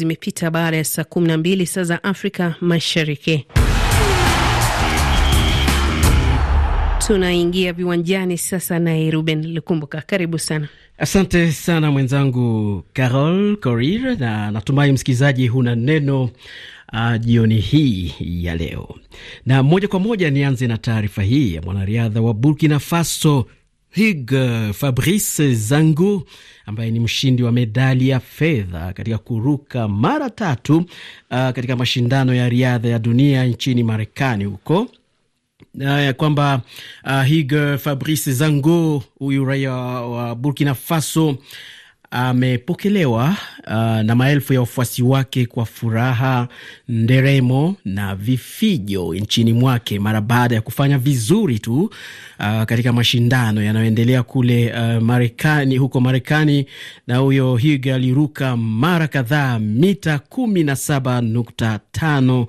zimepita baada ya saa 12 saa za Afrika Mashariki. Tunaingia viwanjani sasa, naye Ruben Lukumbuka, karibu sana. Asante sana mwenzangu Carol Corir, na natumai msikilizaji huna neno Uh, jioni hii ya leo na moja kwa moja nianze na taarifa hii ya mwanariadha wa Burkina Faso Hig eh, Fabrice Zangu ambaye ni mshindi wa medali ya fedha katika kuruka mara tatu uh, katika mashindano ya riadha ya dunia nchini Marekani huko eh, ya kwamba uh, Hig Fabrice Zango huyu raia wa Burkina Faso amepokelewa uh, na maelfu ya wafuasi wake kwa furaha, nderemo na vifijo nchini mwake mara baada ya kufanya vizuri tu uh, katika mashindano yanayoendelea kule uh, Marekani, huko Marekani, na huyo Higa aliruka mara kadhaa mita kumi na saba nukta tano.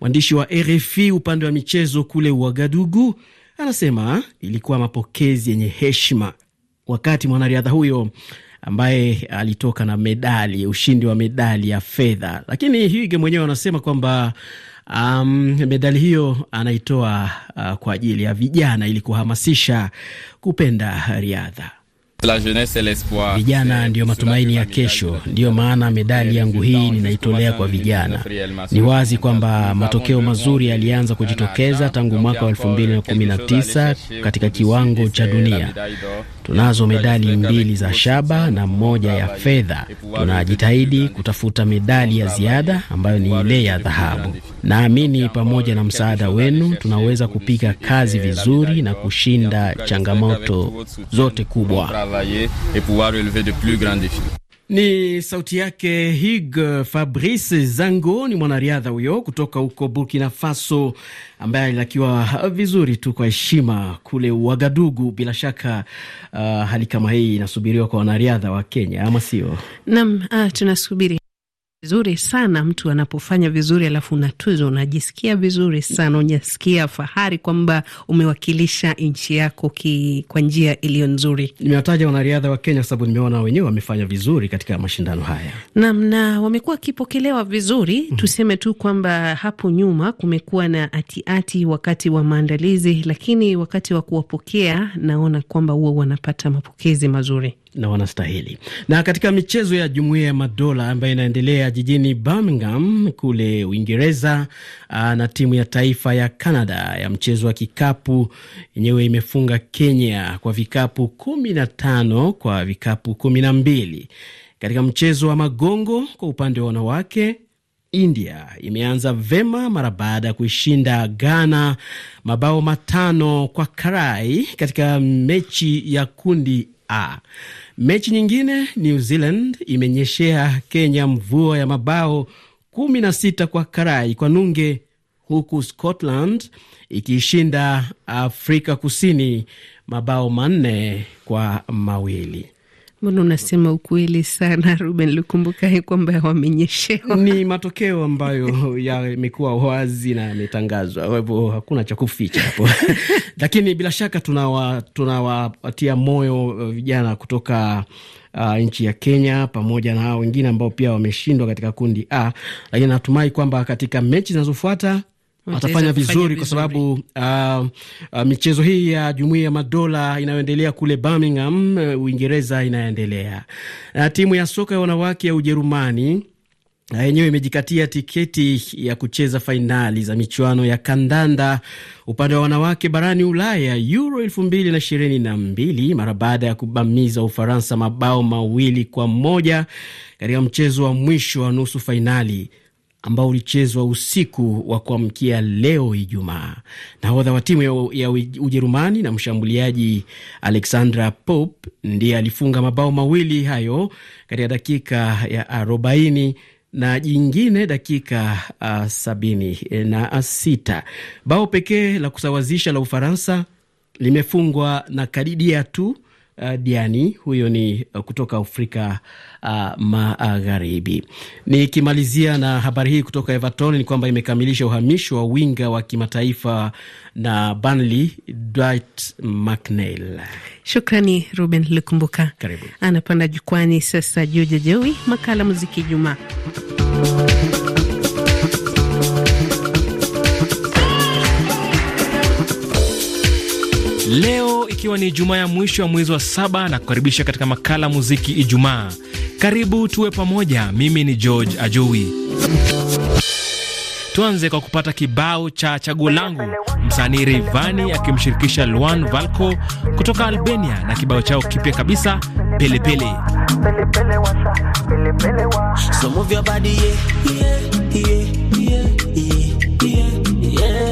Mwandishi wa RFI upande wa michezo kule Uagadugu anasema ilikuwa mapokezi yenye heshima wakati mwanariadha huyo ambaye alitoka na medali, ushindi wa medali ya fedha, lakini Hige mwenyewe anasema kwamba Um, medali hiyo anaitoa uh, kwa ajili ya vijana ili kuhamasisha kupenda riadha. Vijana ndiyo matumaini ya kesho, ndiyo maana medali yangu hii ninaitolea kwa vijana. Ni wazi kwamba matokeo mazuri yalianza kujitokeza tangu mwaka wa 2019 katika kiwango cha dunia. Tunazo medali mbili za shaba na moja ya fedha. Tunajitahidi kutafuta medali ya ziada ambayo ni ile ya dhahabu. Naamini pamoja na msaada wenu tunaweza kupiga kazi vizuri na kushinda changamoto zote kubwa. Ni sauti yake Hig uh, Fabrice Zango, ni mwanariadha huyo kutoka huko Burkina Faso ambaye alilakiwa uh, vizuri tu kwa heshima kule Uagadugu. Bila shaka uh, hali kama hii inasubiriwa kwa wanariadha wa Kenya, ama sio? Naam, uh, tunasubiri Vizuri sana mtu anapofanya vizuri alafu unatuzwa, unajisikia vizuri sana, unasikia fahari kwamba umewakilisha nchi yako kwa njia iliyo nzuri. Nimewataja wanariadha wa Kenya kwa sababu nimeona wenyewe wamefanya vizuri katika mashindano haya nam, na wamekuwa wakipokelewa vizuri mm -hmm. Tuseme tu kwamba hapo nyuma kumekuwa na atiati ati wakati wa maandalizi, lakini wakati wa kuwapokea naona kwamba huwa wanapata mapokezi mazuri na wanastahili. Na katika michezo ya Jumuiya ya Madola ambayo inaendelea jijini Birmingham kule Uingereza, na timu ya taifa ya Canada ya mchezo wa kikapu yenyewe imefunga Kenya kwa vikapu kumi na tano kwa vikapu kumi na mbili. Katika mchezo wa magongo kwa upande wa wanawake India imeanza vema mara baada ya kuishinda Ghana mabao matano kwa karai katika mechi ya kundi A. Mechi nyingine, New Zealand imenyeshea Kenya mvua ya mabao 16 kwa karai kwa nunge, huku Scotland ikiishinda Afrika Kusini mabao manne kwa mawili. Mbona unasema ukweli sana Ruben Lukumbuka, kwamba wamenyeshewa? Ni matokeo ambayo yamekuwa wazi na yametangazwa, kwa hivyo hakuna cha kuficha hapo lakini bila shaka tunawapatia tuna moyo uh, vijana kutoka Uh, nchi ya Kenya pamoja na hao wengine ambao pia wameshindwa katika kundi A, lakini natumai kwamba katika mechi zinazofuata watafanya mm. vizuri kwa sababu uh, uh, michezo hii ya jumuiya ya madola inayoendelea kule Birmingham, eh, Uingereza inaendelea. Uh, timu ya soka ya wanawake ya Ujerumani yenyewe imejikatia tiketi ya kucheza fainali za michuano ya kandanda upande wa wanawake barani Ulaya Euro elfu mbili na ishirini na mbili mara baada ya kubamiza Ufaransa mabao mawili kwa moja katika mchezo wa mwisho wa nusu fainali ambao ulichezwa usiku wa kuamkia leo Ijumaa. Nahodha wa timu ya Ujerumani na mshambuliaji Alexandra pop ndiye alifunga mabao mawili hayo katika dakika ya arobaini na jingine dakika uh, sabini e, na sita. Bao pekee la kusawazisha la Ufaransa limefungwa na Kadidia tu uh, Diani huyo ni uh, kutoka Afrika uh, Magharibi. Nikimalizia na habari hii kutoka Everton ni kwamba imekamilisha uhamisho wa winga wa kimataifa na Burnley Dwight McNeil. Shukrani Ruben Lukumbuka, Karibu anapanda jukwani sasa, Juja Jowi, makala muziki Jumaa. Leo ikiwa ni Ijumaa ya mwisho wa mwezi wa saba, na kukaribisha katika makala muziki Ijumaa. Karibu tuwe pamoja, mimi ni George Ajowi. Tuanze kwa kupata kibao cha chaguo langu, msanii Rayvanny akimshirikisha Luan Valco kutoka Albania na kibao chao kipya kabisa Pelepele.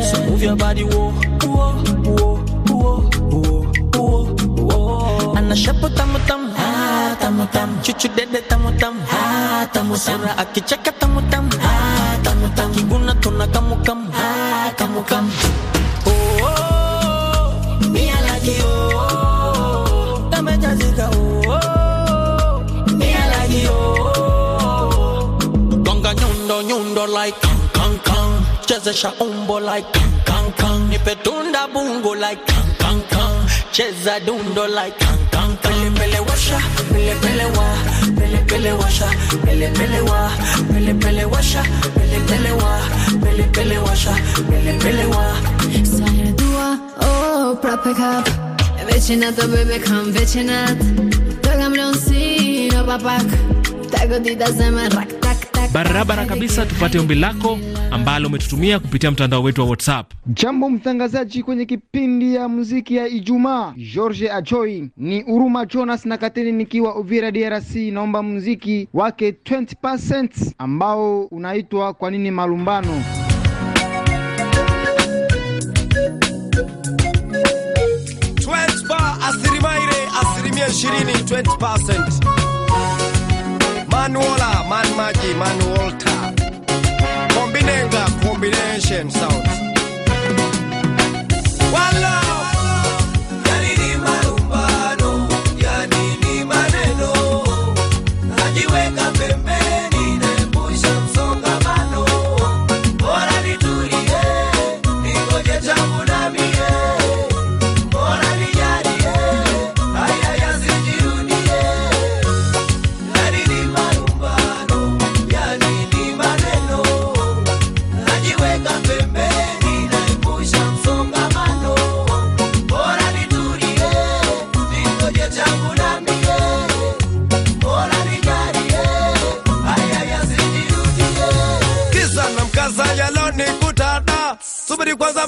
So na shapo tamu tamu ah tamu tamu chuchu dede tamu tamu ah tamu sura akicheka tamu tamu ah tamu tamu kibuna tuna kamu kamu ah kamu kamu oh, oh me oh amejazika oh, oh me oh, oh. Oh, oh gonga nyundo nyundo like kang kang kang chezesha umbo like kang kang kang nipe tunda bungo like kang kang kang cheza dundo like kang tam Pele pele washa, pele pele wa Pele pele washa, pele pele wa Pele pele washa, pele pele wa Pele pele washa, pele pele wa Sare dua, oh, pra pekap Vecinat, oh bebe, kam vecinat Dogam lonsi, no papak Tako ti da zemen rak barabara kabisa, tupate ombi lako ambalo umetutumia kupitia mtandao wetu wa WhatsApp. Jambo mtangazaji kwenye kipindi ya muziki ya Ijumaa, George Ajoi ni Uruma Jonas na Kateni nikiwa Uvira DRC. Naomba muziki wake 20% ambao unaitwa kwa nini malumbano. asilimia 20, 20%. Manuola, man magi, manuolta. Combinenga, combination sound.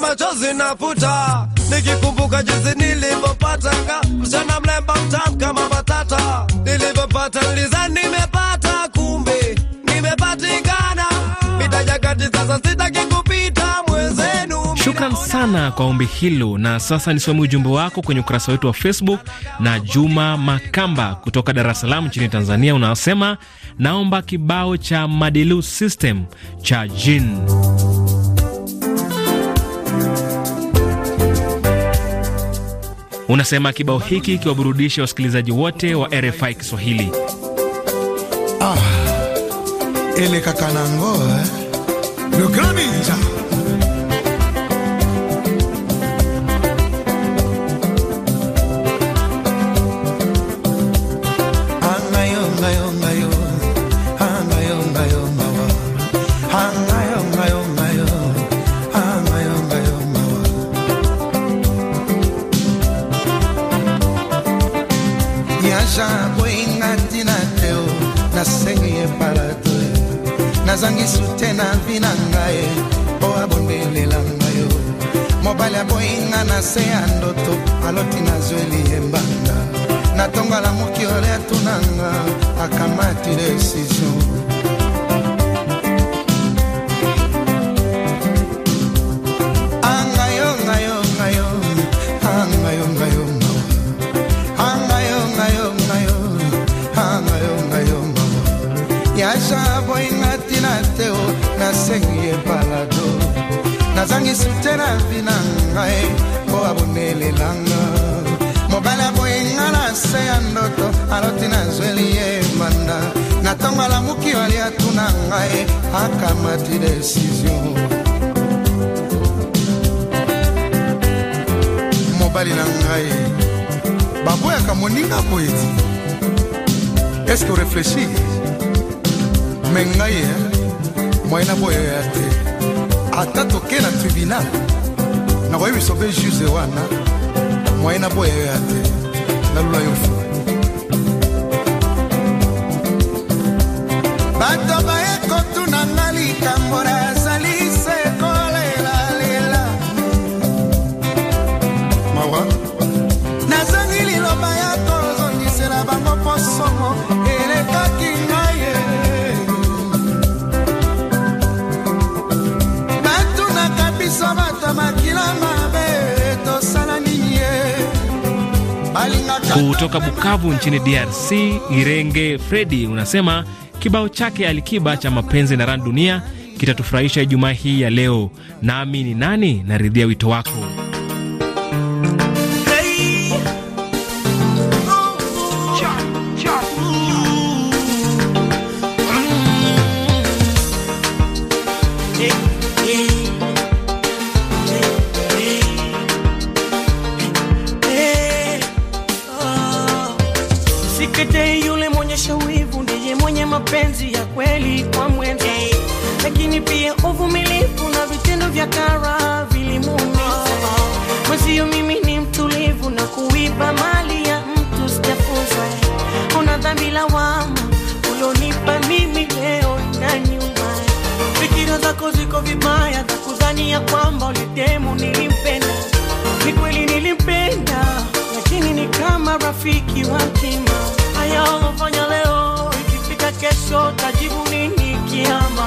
machozi nafuta, nikikumbuka jinsi nga msichana mlemba mtamu kama matata, nilivyopata liza nimepata, kumbe nimepatikana. Mitajagati sasa sitaki kupita mwenzenu. Shukran sana kwa ombi hilo, na sasa nisome ujumbe wako kwenye ukurasa wetu wa Facebook. Na Juma Makamba kutoka Dar es Salaam nchini Tanzania, unaosema naomba kibao cha Madilu System cha Jin Unasema kibao hiki kiwaburudishe wasikilizaji wote wa RFI Kiswahili. Ah, ele kakanangoa eh? liansa oh, boyinga ntina te o nasengi epala to nazangi sute na vi na ngai po abondelela ngai o mobali aboyinga na se ya ndoto aloti nazweli yembanga natongola mokiole atunanga akamati desizio ngai na vi na ngai mpo abonelelanga mobali akoyenga na se ya ndoto aloti nazweli ye banda na ntongo alamuki alia tuna ngai akamati desizio mobali na ngai baboyaka moninga poeti eske orefleshi me ngai moyena boyo ya te ata toke na tribunal nakoyi biso mpe juze wana mwaye na boya yo ya te nalula yo fu bato bayekotuna nga likambo na Kutoka Bukavu nchini DRC, Irenge Fredi unasema kibao chake Alikiba cha mapenzi na ran dunia kitatufurahisha Ijumaa hii ya leo. Nami ni nani, naridhia wito wako. ya kwamba ulidemu nilimpenda, ni kweli nilimpenda, lakini ni kama rafiki wa mtima. Haya ulofanya leo, ikifika kesho tajibu nini kiama?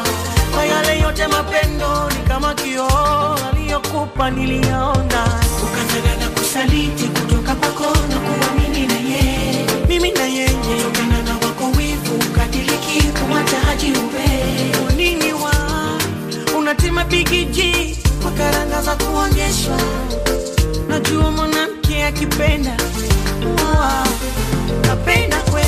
Kwa yale yote mapendo ni kama kioo aliyokupa niliyaona, ukataka na kusaliti kutoka kwako na mimi na yeye mimi na yeye, kutokana na wako wivu ukadiriki kumwacha haji ube Fatima Big G kwa karanga za kuonyeshwa, najua mwanamke akipenda, wow, napenda kwe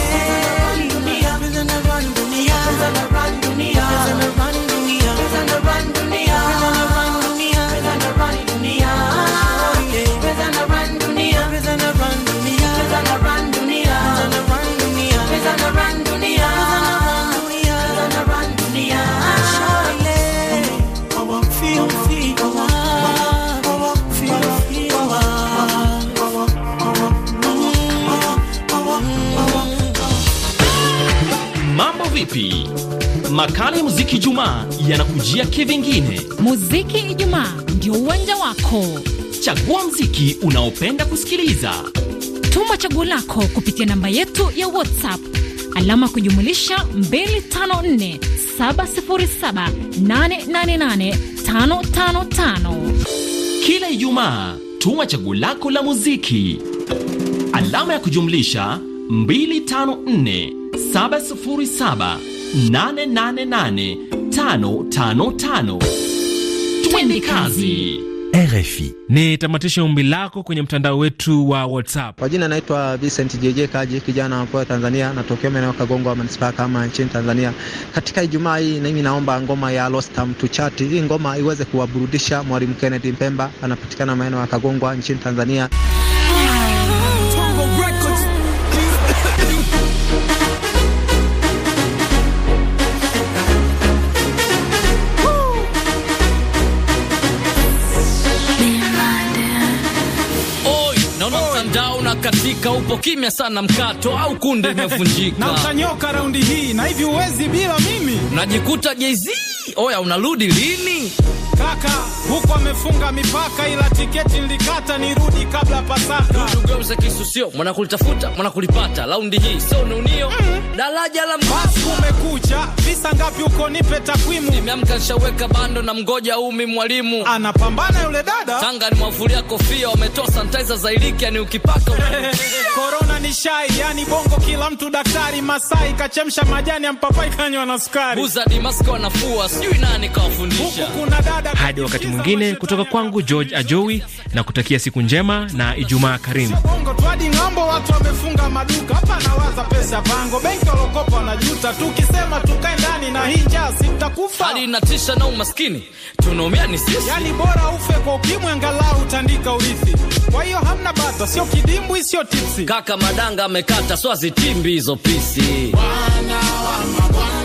vipi? Makala ya muziki Ijumaa yanakujia kivingine. Muziki Ijumaa ndio uwanja wako. Chagua muziki unaopenda kusikiliza, tuma chaguo lako kupitia namba yetu ya WhatsApp alama kujumulisha 254 Kila Ijumaa tuma chaguo lako la muziki alama ya kujumlisha 254 Twende kazi. RFI ni tamatisha ombi lako kwenye mtandao wetu wa WhatsApp. Kwa jina naitwa Vincent JJ Kaji, kijana mpoa Tanzania, natokea maeneo Kagongwa manispaa kama nchini Tanzania. Katika Ijumaa hii mimi naomba ngoma ya Lostam tuchati, hii ngoma iweze kuwaburudisha. Mwalimu Kennedy Mpemba anapatikana maeneo ya Kagongwa nchini Tanzania. umevunjika, upo kimya sana mkato au kunde imevunjika na utanyoka raundi hii, na hivi uwezi bila mimi, najikuta jezi oya, unarudi lini? haraka huko amefunga mipaka, ila tiketi nilikata nirudi kabla Pasaka. sio mwana kulitafuta mwana kulipata, laundi hii sio niunio. Mm. -hmm. Daraja la mbasi umekucha, visa ngapi uko, nipe takwimu. Nimeamka nishaweka bando na mgoja umi mwalimu anapambana yule dada Tanga, nimwafulia kofia, wametoa sanitizer za iliki, yani ukipaka korona ni shai, yani bongo kila mtu daktari. Masai kachemsha majani ya mpapai kanywa na sukari, buza dimasko anafua, sijui nani kawafundisha. Huku kuna dada hadi wakati mwingine, kutoka kwangu George Ajowi na kutakia siku njema na Ijumaa karimu. Hali inatisha na umaskini tunaumia ni sisi, yani bora ufe kwa ukimwi angalau utandika urithi. Kwa hiyo hamna bata, sio kidimbwi, sio tipsi. Kaka madanga amekata swazi timbi hizo pisi Bwana wa mabwana